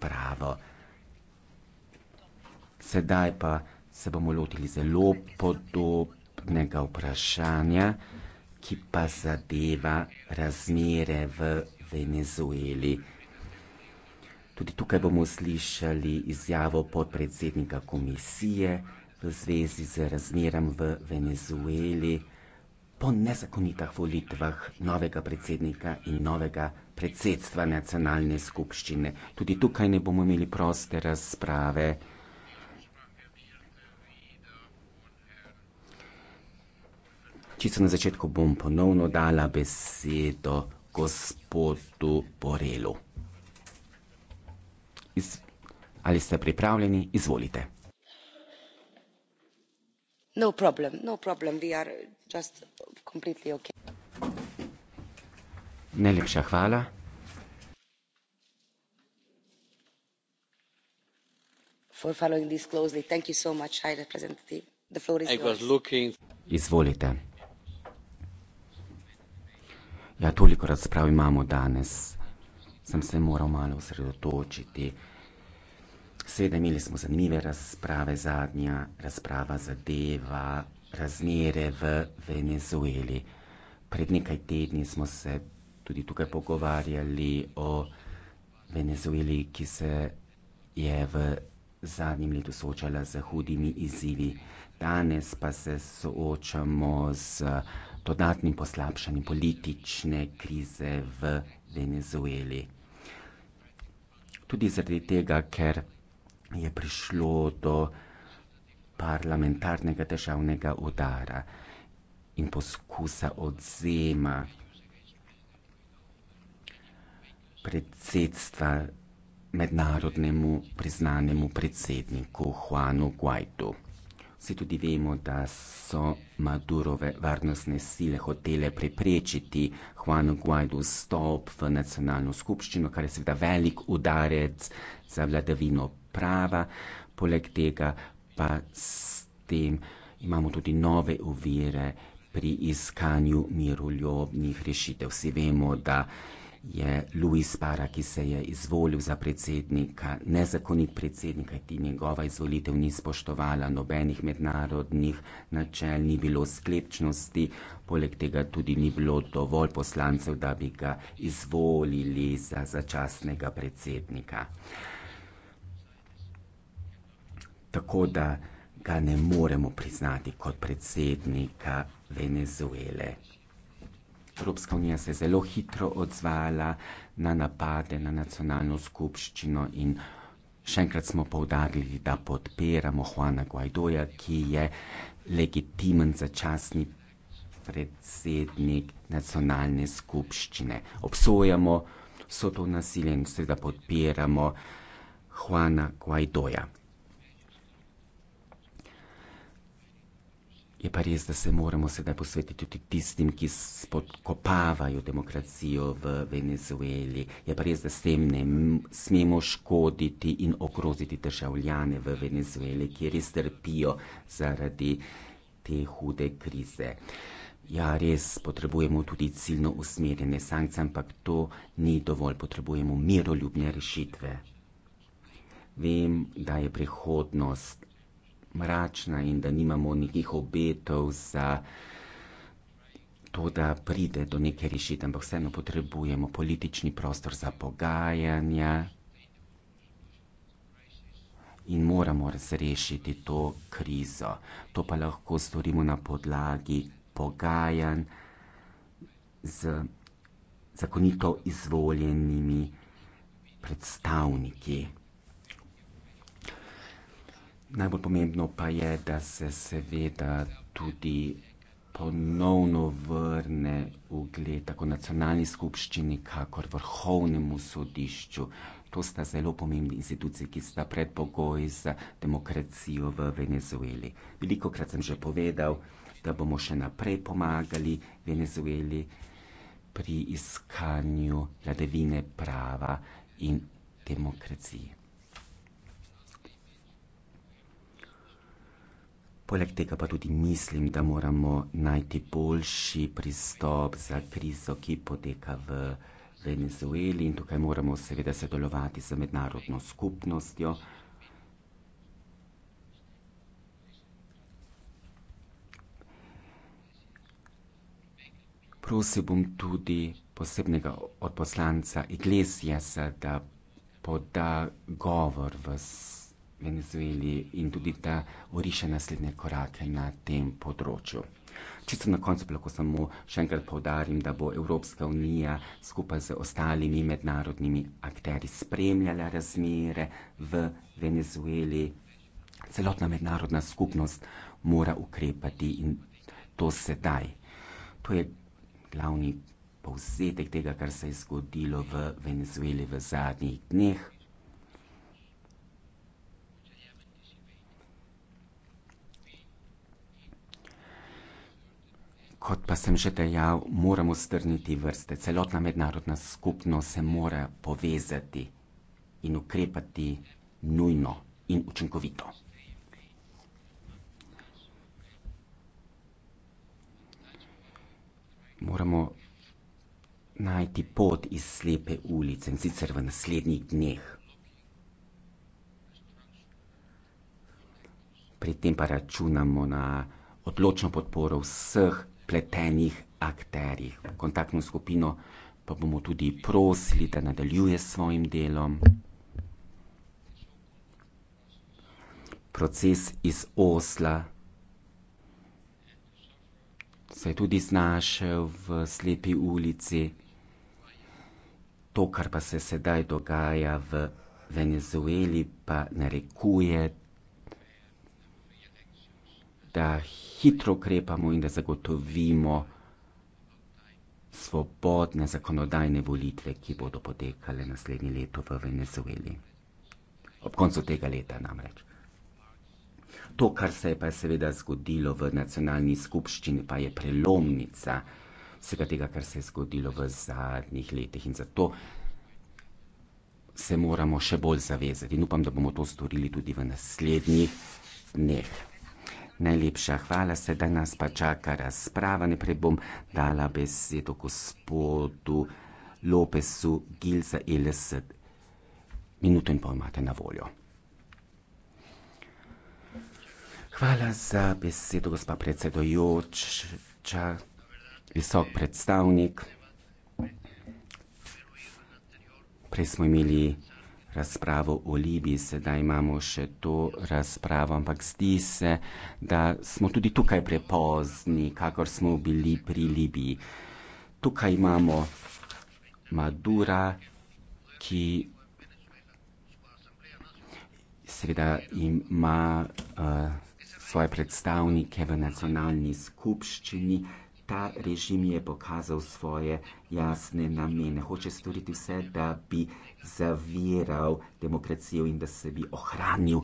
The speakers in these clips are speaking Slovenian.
razpravo. Sedaj pa se bomo lotili zelo podobnega vprašanja, ki pa zadeva razmere v Venezueli. Tudi tukaj bomo slišali izjavo podpredsednika komisije v zvezi z razmeram v Venezueli po nezakonitah volitvah novega predsednika in novega predsedstva nacionalne skupščine. Tudi tukaj ne bomo imeli proste razprave. Čisto na začetku bom ponovno dala besedo gospodu Borelu. Iz, ali ste pripravljeni? Izvolite. No problem, no problem. We are just completely okay. Najlepša hvala. Izvolite. Ja, toliko razprav imamo danes. Sem se moral malo osredotočiti. Seveda imeli smo zanimive razprave, zadnja razprava zadeva razmere v Venezueli. Pred nekaj tedni smo se tudi tukaj pogovarjali o Venezueli, ki se je v zadnjem letu soočala z hudimi izzivi. Danes pa se soočamo z dodatnim poslabšanjem politične krize v Venezueli. Tudi zaradi tega, ker je prišlo do parlamentarnega državnega udara in poskusa odzema predsedstva mednarodnemu priznanemu predsedniku Juanu Guaidu. Vsi tudi vemo, da so Madurove varnostne sile hotele preprečiti Juan Guaidu stop v nacionalno skupščino, kar je seveda velik udarec za vladavino prava. Poleg tega pa s tem imamo tudi nove uvire pri iskanju miroljobnih rešitev. Vsi vemo, da je Luis Para, ki se je izvolil za predsednika, nezakonit predsednik, kajti njegova izvolitev ni spoštovala nobenih mednarodnih načel, ni bilo sklepčnosti, poleg tega tudi ni bilo dovolj poslancev, da bi ga izvolili za začasnega predsednika. Tako da ga ne moremo priznati kot predsednika Venezuele. Evropska unija se je zelo hitro odzvala na napade na nacionalno skupščino in še enkrat smo povdarili, da podpiramo Juana Guaidoja, ki je legitimen začasni predsednik nacionalne skupščine. Obsojamo vso to nasilje in seveda podpiramo Juana Guaidoja. Je pa res, da se moramo sedaj posvetiti tudi tistim, ki spodkopavajo demokracijo v Venezueli. Je pa res, da s tem ne smemo škoditi in ogroziti državljane v Venezueli, ki res trpijo zaradi te hude krize. Ja, res potrebujemo tudi ciljno usmerjene sankcije, ampak to ni dovolj. Potrebujemo miroljubne rešitve. Vem, da je prihodnost mračna in da nimamo nekih obetov za to, da pride do neke rešitve, ampak vseeno potrebujemo politični prostor za pogajanja in moramo razrešiti to krizo. To pa lahko storimo na podlagi pogajanj z zakonito izvoljenimi predstavniki najbolj pomembno pa je, da se seveda tudi ponovno vrne ugled tako nacionalni skupščini, kakor vrhovnemu sodišču. To sta zelo pomembni instituciji, ki sta predpogoj za demokracijo v Venezueli. Veliko krat sem že povedal, da bomo še naprej pomagali Venezueli pri iskanju vladavine prava in demokracije. Poleg tega pa tudi mislim, da moramo najti boljši pristop za krizo, ki poteka v Venezueli in tukaj moramo seveda sodelovati z mednarodno skupnostjo. Prosil bom tudi posebnega odposlanca Iglesijasa, da poda govor v Venezueli in tudi da uriše naslednje korake na tem področju. Čisto na koncu lahko samo še enkrat povdarim, da bo Evropska unija skupaj z ostalimi mednarodnimi akteri spremljala razmere v Venezueli. Celotna mednarodna skupnost mora ukrepati in to sedaj. To je glavni povzetek tega, kar se je zgodilo v Venezueli v zadnjih dneh. kot pa sem že dejal, moramo strniti vrste. Celotna mednarodna skupnost se mora povezati in ukrepati nujno in učinkovito. Moramo najti pot iz slepe ulice in sicer v naslednjih dneh. Pri tem pa računamo na odločno podporo vseh pletenih akterjih. Kontaktno skupino pa bomo tudi prosili, da nadaljuje s svojim delom. Proces iz Osla se je tudi znašel v slepi ulici. To, kar pa se sedaj dogaja v Venezueli, pa narekuje, da hitro ukrepamo in da zagotovimo svobodne zakonodajne volitve, ki bodo potekale naslednje leto v Venezueli. Ob koncu tega leta namreč. To, kar se je pa seveda zgodilo v nacionalni skupščini, pa je prelomnica vsega tega, kar se je zgodilo v zadnjih letih in zato se moramo še bolj zavezati in upam, da bomo to storili tudi v naslednjih dneh. Najlepša hvala, sedaj nas pa čaka razprava. Najprej bom dala besedo gospodu Lopesu Gilza Iles. Minuto in pol imate na voljo. Hvala za besedo, gospa predsedojoča, visok predstavnik. Prej smo imeli razpravo o Libiji, sedaj imamo še to razpravo, ampak zdi se, da smo tudi tukaj prepozni, kakor smo bili pri Libiji. Tukaj imamo Madura, ki seveda ima uh, svoje predstavnike v nacionalni skupščini ta režim je pokazal svoje jasne namene. Hoče storiti vse, da bi zaviral demokracijo in da se bi ohranil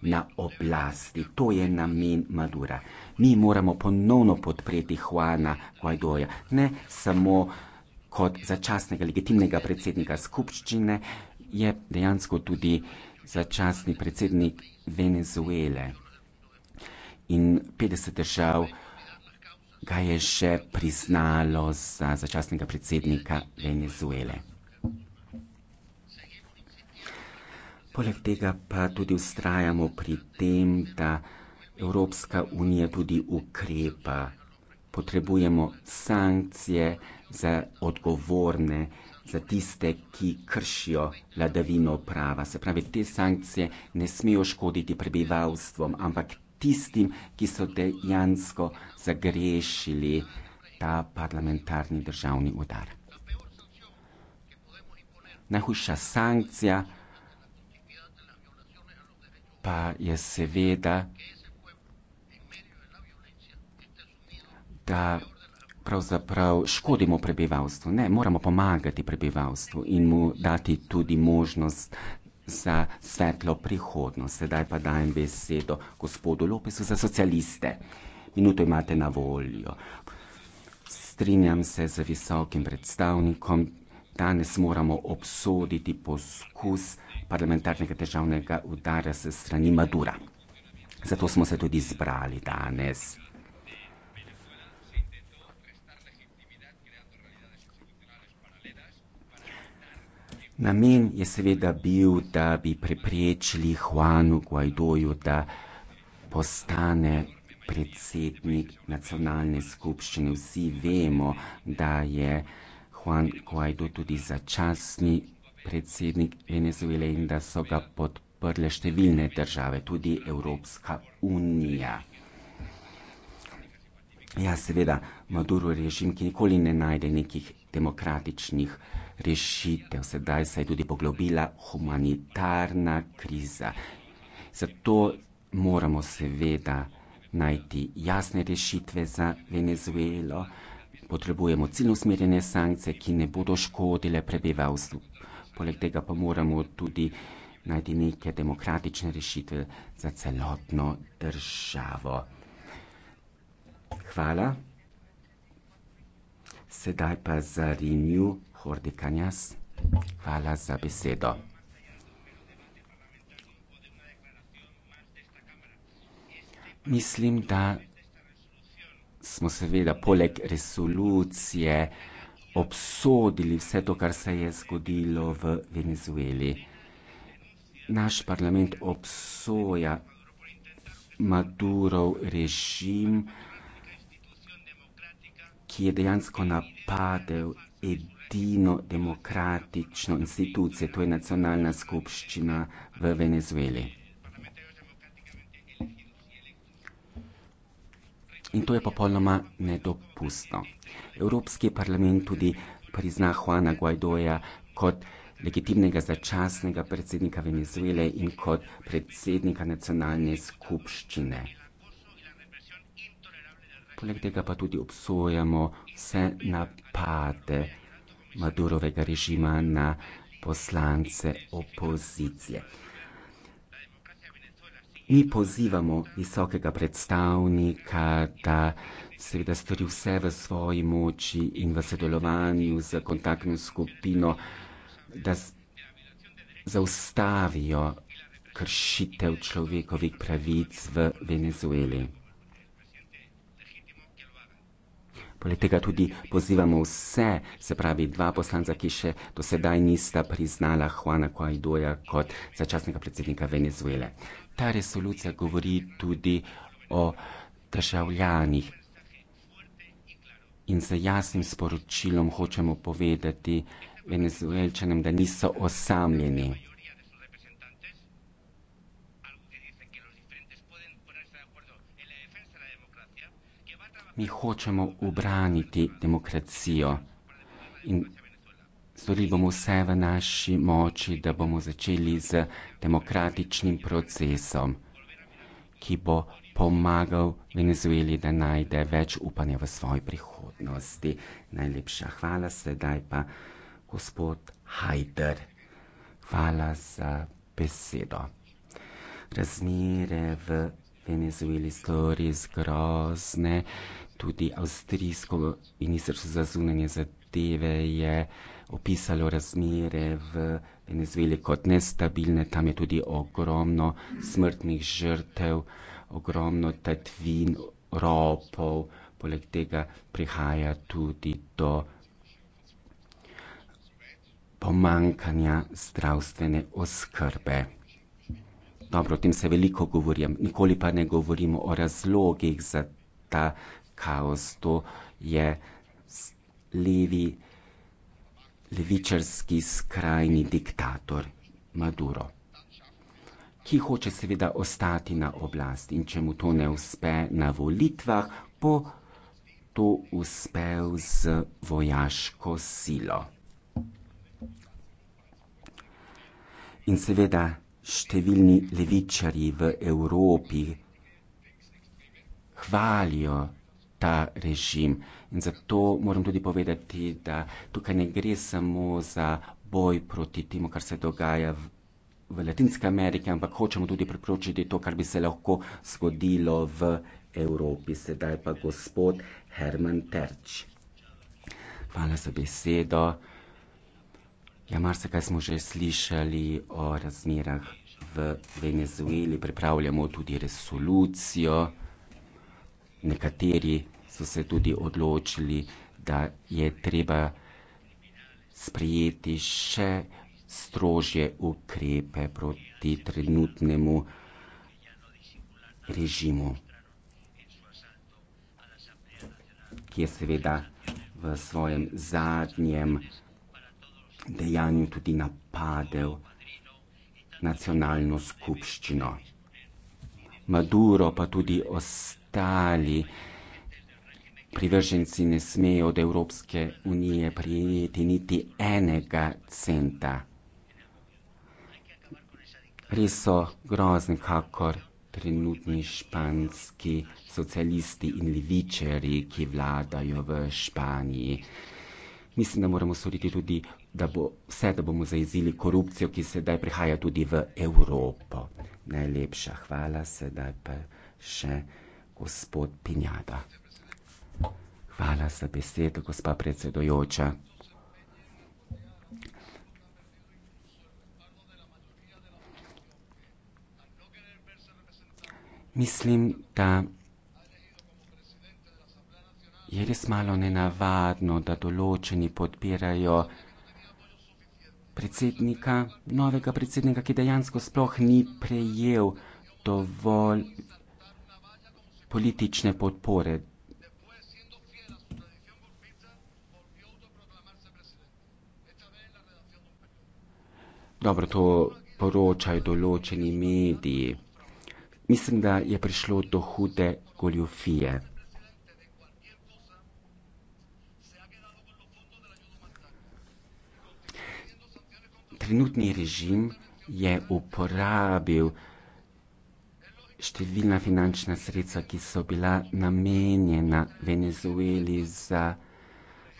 na oblasti. To je namen Madura. Mi moramo ponovno podpreti Juana Guaidoja, ne samo kot začasnega legitimnega predsednika skupščine, je dejansko tudi začasni predsednik Venezuele. In 50 držav ga je že priznalo za začasnega predsednika Venezuele. Poleg tega pa tudi vztrajamo pri tem, da Evropska unija tudi ukrepa. Potrebujemo sankcije za odgovorne, za tiste, ki kršijo vladavino prava. Se pravi, te sankcije ne smejo škoditi prebivalstvom, ampak tistim, ki so dejansko zagrešili ta parlamentarni državni udar. Najhujša sankcija pa je seveda, da pravzaprav škodimo prebivalstvu. Ne, moramo pomagati prebivalstvu in mu dati tudi možnost, za svetlo prihodnost. Sedaj pa dajem besedo gospodu Lopesu za socialiste. Minuto imate na voljo. Strinjam se z visokim predstavnikom. Danes moramo obsoditi poskus parlamentarnega državnega udara se strani Madura. Zato smo se tudi zbrali danes. Namen je seveda bil, da bi preprečili Juanu Guaidoju, da postane predsednik nacionalne skupščine. Vsi vemo, da je Juan Guaido tudi začasni predsednik Venezuele in da so ga podprle številne države, tudi Evropska unija. Ja, seveda, Maduro režim, ki nikoli ne najde nekih demokratičnih rešitev. Sedaj se je tudi poglobila humanitarna kriza. Zato moramo seveda najti jasne rešitve za Venezuelo. Potrebujemo ciljno usmerjene sankcije, ki ne bodo škodile prebivalstvu. Poleg tega pa moramo tudi najti neke demokratične rešitve za celotno državo. Hvala. Sedaj pa za Renew Hordi Kanjas, hvala za besedo. Mislim, da smo seveda poleg resolucije obsodili vse to, kar se je zgodilo v Venezueli. Naš parlament obsoja Madurov režim, ki je dejansko napadel edino demokratično institucijo, to je nacionalna skupščina v Venezueli. In to je popolnoma nedopustno. Evropski parlament tudi prizna Juana Guaidoja kot legitimnega začasnega predsednika Venezuele in kot predsednika nacionalne skupščine. Poleg tega pa tudi obsojamo vse napade Madurovega režima na poslance opozicije. Mi pozivamo visokega predstavnika, da seveda stori vse v svoji moči in v sodelovanju z kontaktno skupino, da zaustavijo kršitev človekovih pravic v Venezueli. Poleg tega tudi pozivamo vse, se pravi dva poslanca, ki še do sedaj nista priznala Juana Guaidoja kot začasnega predsednika Venezuele. Ta resolucija govori tudi o državljanih in z jasnim sporočilom hočemo povedati venezuelčanem, da niso osamljeni. mi hočemo obraniti demokracijo in storili bomo vse v naši moči, da bomo začeli z demokratičnim procesom, ki bo pomagal Venezueli, da najde več upanja v svoji prihodnosti. Najlepša hvala, sedaj pa gospod Hajder. Hvala za besedo. Razmere v Venezueli so res grozne, tudi avstrijsko ministrstvo za zunanje zadeve je opisalo razmere v Venezueli kot nestabilne, tam je tudi ogromno smrtnih žrtev, ogromno tatvin, ropov, poleg tega prihaja tudi do pomankanja zdravstvene oskrbe. Dobro, o tem se veliko govorim, nikoli pa ne govorimo o razlogih za ta kaos. To je levi, levičarski skrajni diktator Maduro, ki hoče seveda ostati na oblasti in če mu to ne uspe na volitvah, bo to uspel z vojaško silo. In seveda številni levičarji v Evropi hvalijo ta režim. In zato moram tudi povedati, da tukaj ne gre samo za boj proti temu, kar se dogaja v, v Latinske Amerike, ampak hočemo tudi preprečiti to, kar bi se lahko zgodilo v Evropi. Sedaj pa gospod Herman Terč. Hvala za besedo. Ja, mar se kaj smo že slišali o razmerah v Venezueli, pripravljamo tudi resolucijo nekateri so se tudi odločili, da je treba sprijeti še strožje ukrepe proti trenutnemu režimu, ki je seveda v svojem zadnjem dejanju tudi napadel nacionalno skupščino. Maduro pa tudi ostali privrženci ne smejo od Evropske unije prijeti niti enega centa. Res so grozni, kakor trenutni španski socialisti in levičari, ki vladajo v Španiji. Mislim, da moramo storiti tudi da bo, vse, da bomo zaezili korupcijo, ki sedaj prihaja tudi v Evropo. Najlepša hvala, sedaj pa še gospod Pinjada. Hvala za besedo, gospa predsedojoča. Mislim, da je res malo nenavadno, da določeni podpirajo predsednika, novega predsednika, ki dejansko sploh ni prejel dovolj politične podpore. Dobro, to poročajo določeni mediji. Mislim, da je prišlo do hude goljofije. Trenutni režim je uporabil številna finančna sredstva, ki so bila namenjena Venezueli za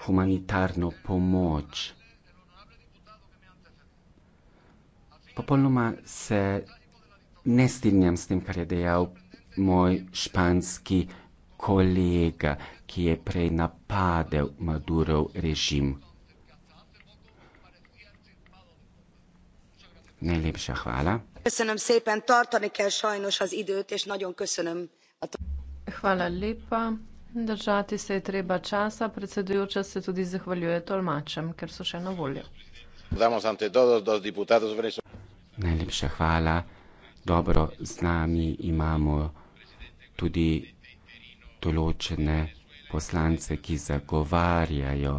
humanitarno pomoč. Popolnoma se ne strinjam s tem, kar je dejal moj španski kolega, ki je prej napadel Madurov režim. Najlepša hvala köszönöm szépen tartani kell sajnos az időt és nagyon köszönöm a Hvala lepa. Držati se je treba časa, predsedujoča se tudi zahvaljuje tolmačem, ker so še na voljo. Najlepša hvala. Dobro, z nami imamo tudi določene poslance, ki zagovarjajo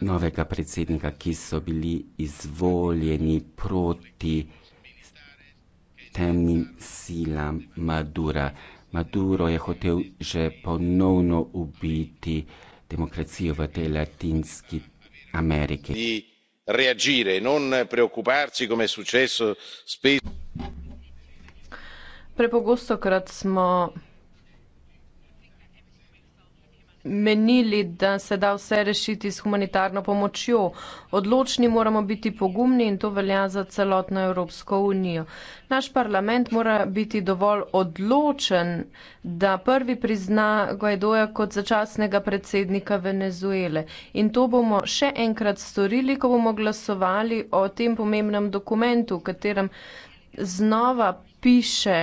novega predsednika, ki so bili izvoljeni proti temnim silam Madura. Maduro je hotel že ponovno ubiti demokracijo v tej Latinski Ameriki. Reagire, non preoccuparsi, come è successo spesso. Prepogosto krat smo menili, da se da vse rešiti s humanitarno pomočjo. Odločni moramo biti pogumni in to velja za celotno Evropsko unijo. Naš parlament mora biti dovolj odločen, da prvi prizna Guaidoja kot začasnega predsednika Venezuele. In to bomo še enkrat storili, ko bomo glasovali o tem pomembnem dokumentu, v katerem znova piše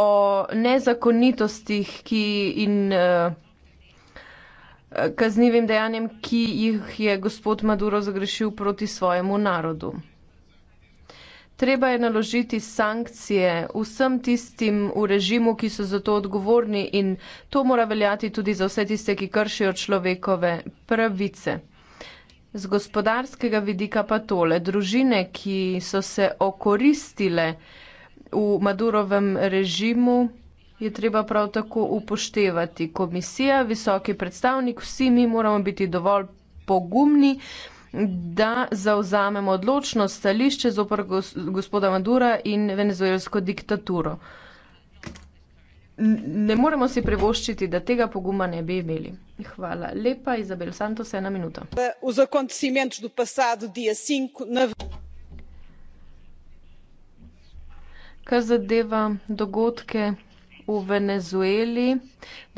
o nezakonitostih ki in eh, kaznivim dejanjem, ki jih je gospod Maduro zagrešil proti svojemu narodu. Treba je naložiti sankcije vsem tistim v režimu, ki so za to odgovorni in to mora veljati tudi za vse tiste, ki kršijo človekove pravice. Z gospodarskega vidika pa tole, družine, ki so se okoristile, v Madurovem režimu je treba prav tako upoštevati. Komisija, visoki predstavnik, vsi mi moramo biti dovolj pogumni, da zauzamemo odločno stališče z opor gospoda Madura in venezuelsko diktaturo. Ne moremo si privoščiti, da tega poguma ne bi imeli. Hvala lepa, Izabel Santos, ena minuta. Kar zadeva dogodke v Venezueli,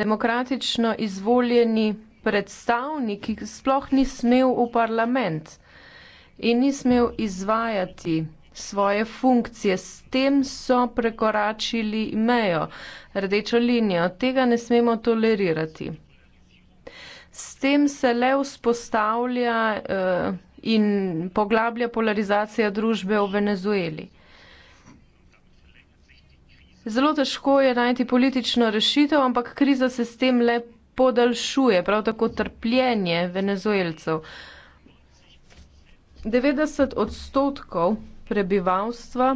demokratično izvoljeni predstavnik sploh ni smel v parlament in ni smel izvajati svoje funkcije. S tem so prekoračili mejo, rdečo linijo. Tega ne smemo tolerirati. S tem se le vzpostavlja uh, in poglablja polarizacija družbe v Venezueli. Zelo težko je najti politično rešitev, ampak kriza se s tem le podaljšuje, prav tako trpljenje venezuelcev. 90 odstotkov prebivalstva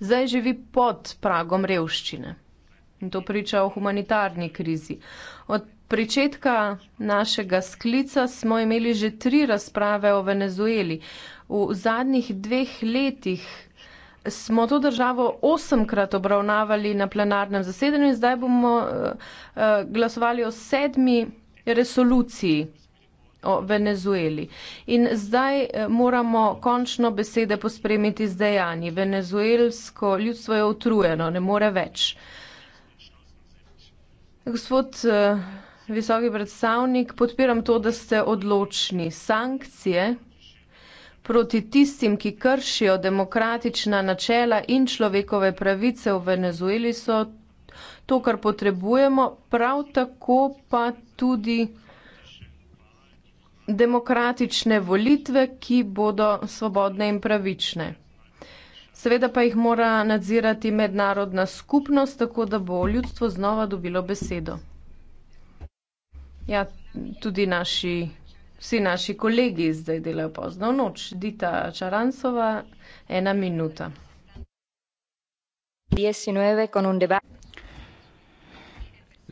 zdaj živi pod pragom revščine. In to priča o humanitarni krizi. Od pričetka našega sklica smo imeli že tri razprave o Venezueli. V zadnjih dveh letih smo to državo osemkrat obravnavali na plenarnem zasedanju in zdaj bomo eh, eh, glasovali o sedmi resoluciji o Venezueli. In zdaj eh, moramo končno besede pospremiti z dejanji. Venezuelsko ljudstvo je utrujeno, ne more več. Gospod visoki predstavnik, podpiram to, da ste odločni. Sankcije proti tistim, ki kršijo demokratična načela in človekove pravice v Venezueli, so to, kar potrebujemo, prav tako pa tudi demokratične volitve, ki bodo svobodne in pravične. Seveda pa jih mora nadzirati mednarodna skupnost, tako da bo ljudstvo znova dobilo besedo. Ja, tudi naši vsi naši kolegi zdaj delajo pozno v noč. Dita Čaransova, ena minuta.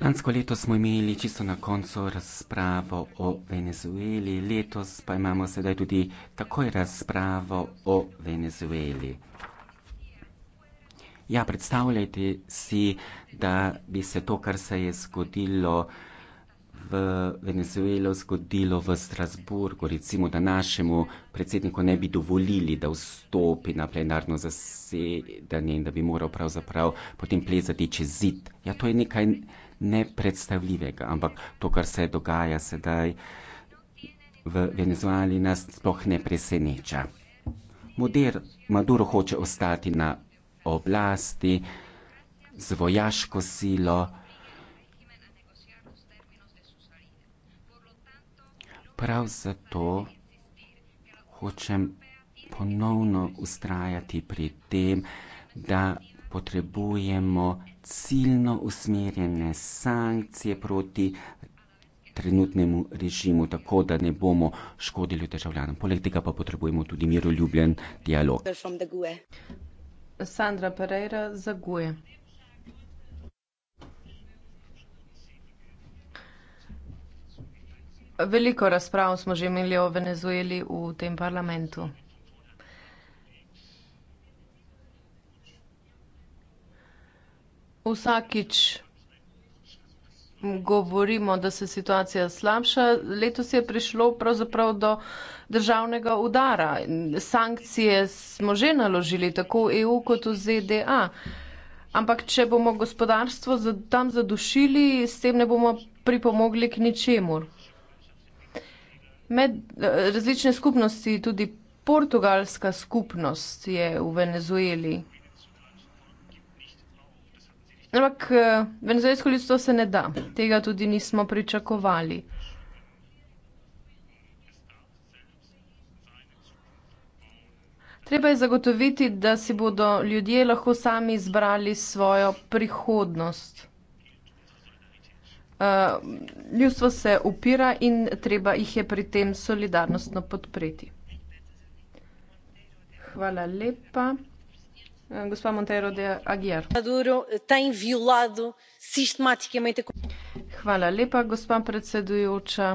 Lansko leto smo imeli čisto na koncu razpravo o Venezueli, letos pa imamo sedaj tudi takoj razpravo o Venezueli. Ja, predstavljajte si, da bi se to, kar se je zgodilo, v Venezuelo zgodilo v Strasburgu, recimo, da našemu predsedniku ne bi dovolili, da vstopi na plenarno zasedanje in da bi moral pravzaprav potem plezati čez zid. Ja, to je nekaj nepredstavljivega, ampak to, kar se dogaja sedaj v Venezueli, nas sploh ne preseneča. Moder Maduro hoče ostati na oblasti z vojaško silo, prav zato hočem ponovno ustrajati pri tem, da potrebujemo ciljno usmerjene sankcije proti trenutnemu režimu, tako da ne bomo škodili državljanom. Poleg tega pa potrebujemo tudi miroljubljen dialog. E. Sandra Pereira, Zaguje. Veliko razprav smo že imeli o Venezueli v tem parlamentu. Vsakič govorimo, da se situacija slabša. Letos je prišlo pravzaprav do državnega udara. Sankcije smo že naložili, tako EU kot v ZDA. Ampak, če bomo gospodarstvo tam zadušili, s tem ne bomo pripomogli k ničemur. Med eh, različne skupnosti, tudi portugalska skupnost je v Venezueli. Ampak eh, venezuelsko ljudstvo se ne da, tega tudi nismo pričakovali. Treba je zagotoviti, da si bodo ljudje lahko sami izbrali svojo prihodnost. Eh, ljudstvo se upira in treba jih je pri tem solidarnostno podpreti. Hvala lepa. Eh, gospa Monteiro de Aguiar. Eh, Hvala lepa, gospa predsedujoča.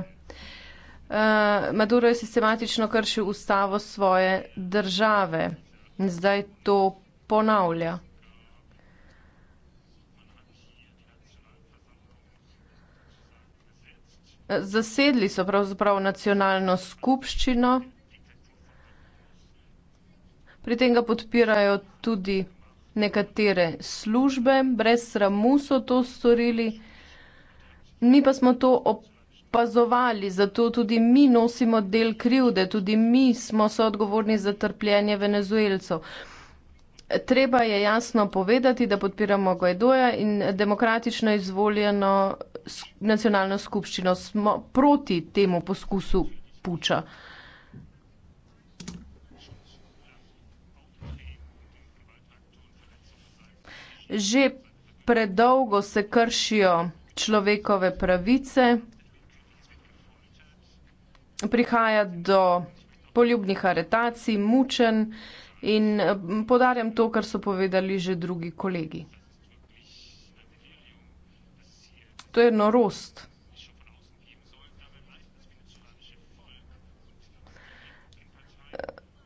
Maduro je sistematično kršil ustavo svoje države in zdaj to ponavlja. zasedli so pravzaprav nacionalno skupščino. Pri tem ga podpirajo tudi nekatere službe, brez sramu so to storili. Mi pa smo to opazovali, zato tudi mi nosimo del krivde, tudi mi smo soodgovorni za trpljenje venezuelcev. Treba je jasno povedati, da podpiramo Gojdoja in demokratično izvoljeno nacionalno skupščino, smo proti temu poskusu puča. Že predolgo se kršijo človekove pravice, prihaja do poljubnih aretacij, mučen in eh, podarjam to, kar so povedali že drugi kolegi. To je norost.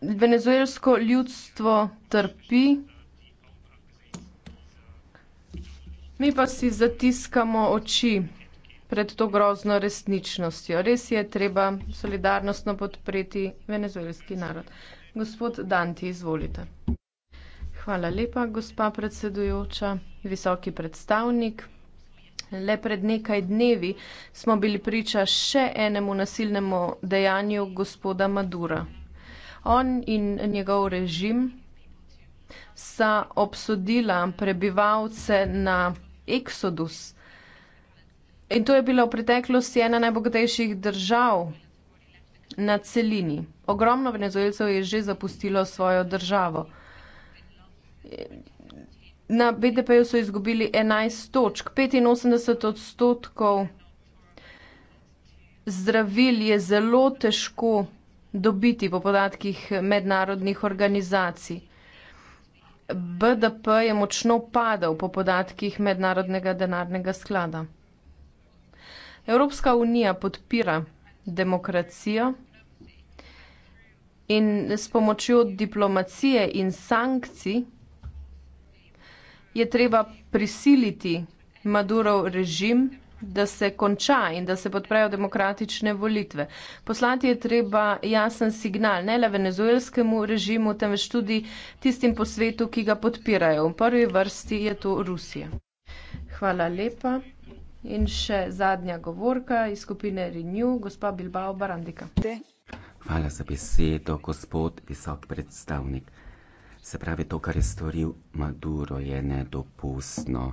Venezuelsko ljudstvo trpi. Mi pa si zatiskamo oči pred to grozno resničnostjo. Res je treba solidarnostno podpreti venezuelski narod. Gospod Danti, izvolite. Hvala lepa, gospa predsedujoča, visoki predstavnik. Le pred nekaj dnevi smo bili priča še enemu nasilnemu dejanju gospoda Madura. On in njegov režim sta obsodila prebivalce na eksodus. In to je bila v preteklosti ena najbogatejših držav na celini. Ogromno venezuelcev je že zapustilo svojo državo. Na BDP-ju so izgubili 11 točk, 85 odstotkov zdravil je zelo težko dobiti po podatkih mednarodnih organizacij. BDP je močno padal po podatkih mednarodnega denarnega sklada. Evropska unija podpira demokracijo in s pomočjo diplomacije in sankcij je treba prisiliti Madurov režim, da se konča in da se podprejo demokratične volitve. Poslati je treba jasen signal ne le venezuelskemu režimu, temveč tudi tistim po svetu, ki ga podpirajo. V prvi vrsti je to Rusija. Hvala lepa. In še zadnja govorka iz skupine Renew, gospa Bilbao Barandika. Hvala za besedo, gospod visok predstavnik. Se pravi, to, kar je storil Maduro, je nedopustno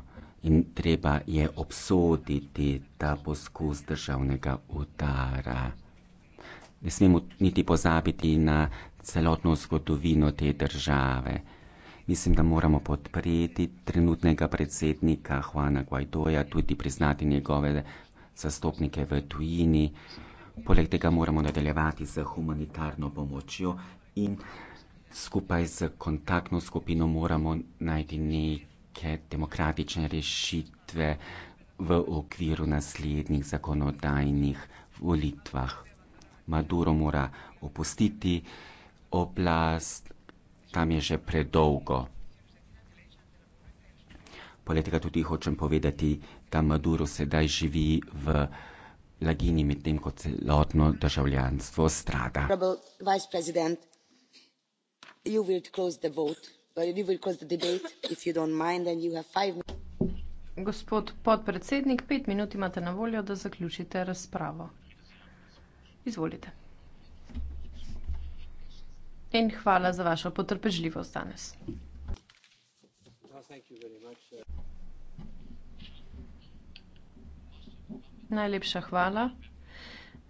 in treba je obsoditi ta poskus državnega udara. Ne smemo niti pozabiti na celotno zgodovino te države. Mislim, da moramo podpreti trenutnega predsednika Juana Guaidoja, tudi priznati njegove zastopnike v tujini. Poleg tega moramo nadaljevati z humanitarno pomočjo in skupaj z kontaktno skupino moramo najti neke demokratične rešitve v okviru naslednjih zakonodajnih volitvah. Maduro mora opustiti oblast, tam je že predolgo. Poleg tega tudi hočem povedati, da Maduro sedaj živi v blaginji, medtem ko celotno državljanstvo strada you will close the vote but uh, you will close the debate if you don't mind and you have five Gospod podpredsednik, pet minut imate na voljo, da zaključite razpravo. Izvolite. In hvala za vašo potrpežljivost danes. Najlepša hvala.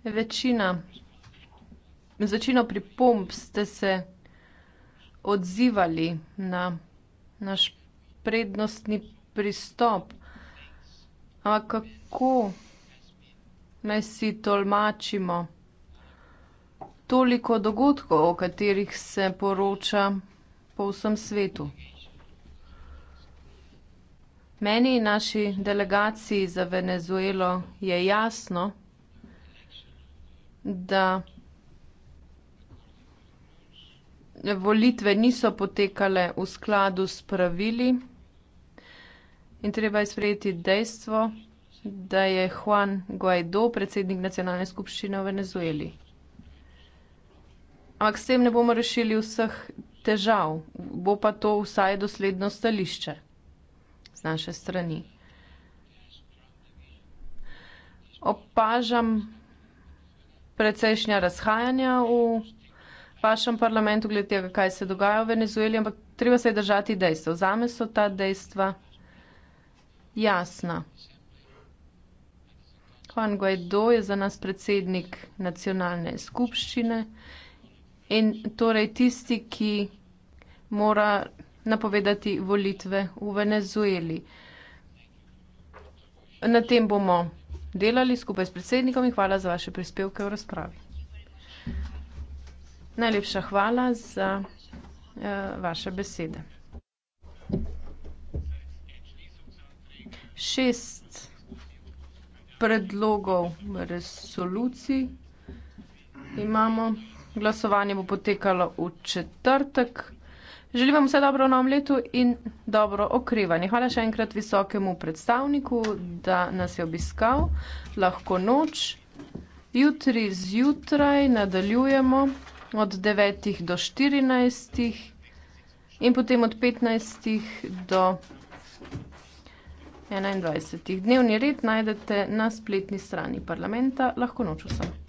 Večina, z večino pripomb ste se odzivali na naš prednostni pristop. Ampak kako naj si tolmačimo toliko dogodkov, o katerih se poroča po vsem svetu? Meni in naši delegaciji za Venezuelo je jasno, da volitve niso potekale v skladu s pravili. In treba je sprejeti dejstvo, da je Juan Guaido predsednik nacionalne skupščine v Venezueli. Ampak s tem ne bomo rešili vseh težav, bo pa to vsaj dosledno stališče z naše strani. Opažam precejšnja razhajanja v vašem parlamentu, glede tega, kaj se dogaja v Venezueli, ampak treba se je držati dejstev. Zame so ta dejstva jasna. Juan Guaido je za nas predsednik nacionalne skupščine in torej tisti, ki mora napovedati volitve v Venezueli. Na tem bomo delali skupaj s predsednikom in hvala za vaše prispevke v razpravi. Najlepša hvala za uh, vaše besede. Šest predlogov resolucij imamo. Glasovanje bo potekalo v četrtek. Želim vam vse dobro v novem letu in dobro okrevanje. Hvala še enkrat visokemu predstavniku, da nas je obiskal. Lahko noč. Jutri zjutraj nadaljujemo od 9 do 14 in potem od 15 do 21. Dnevni red najdete na spletni strani parlamenta, lahko noč vsem.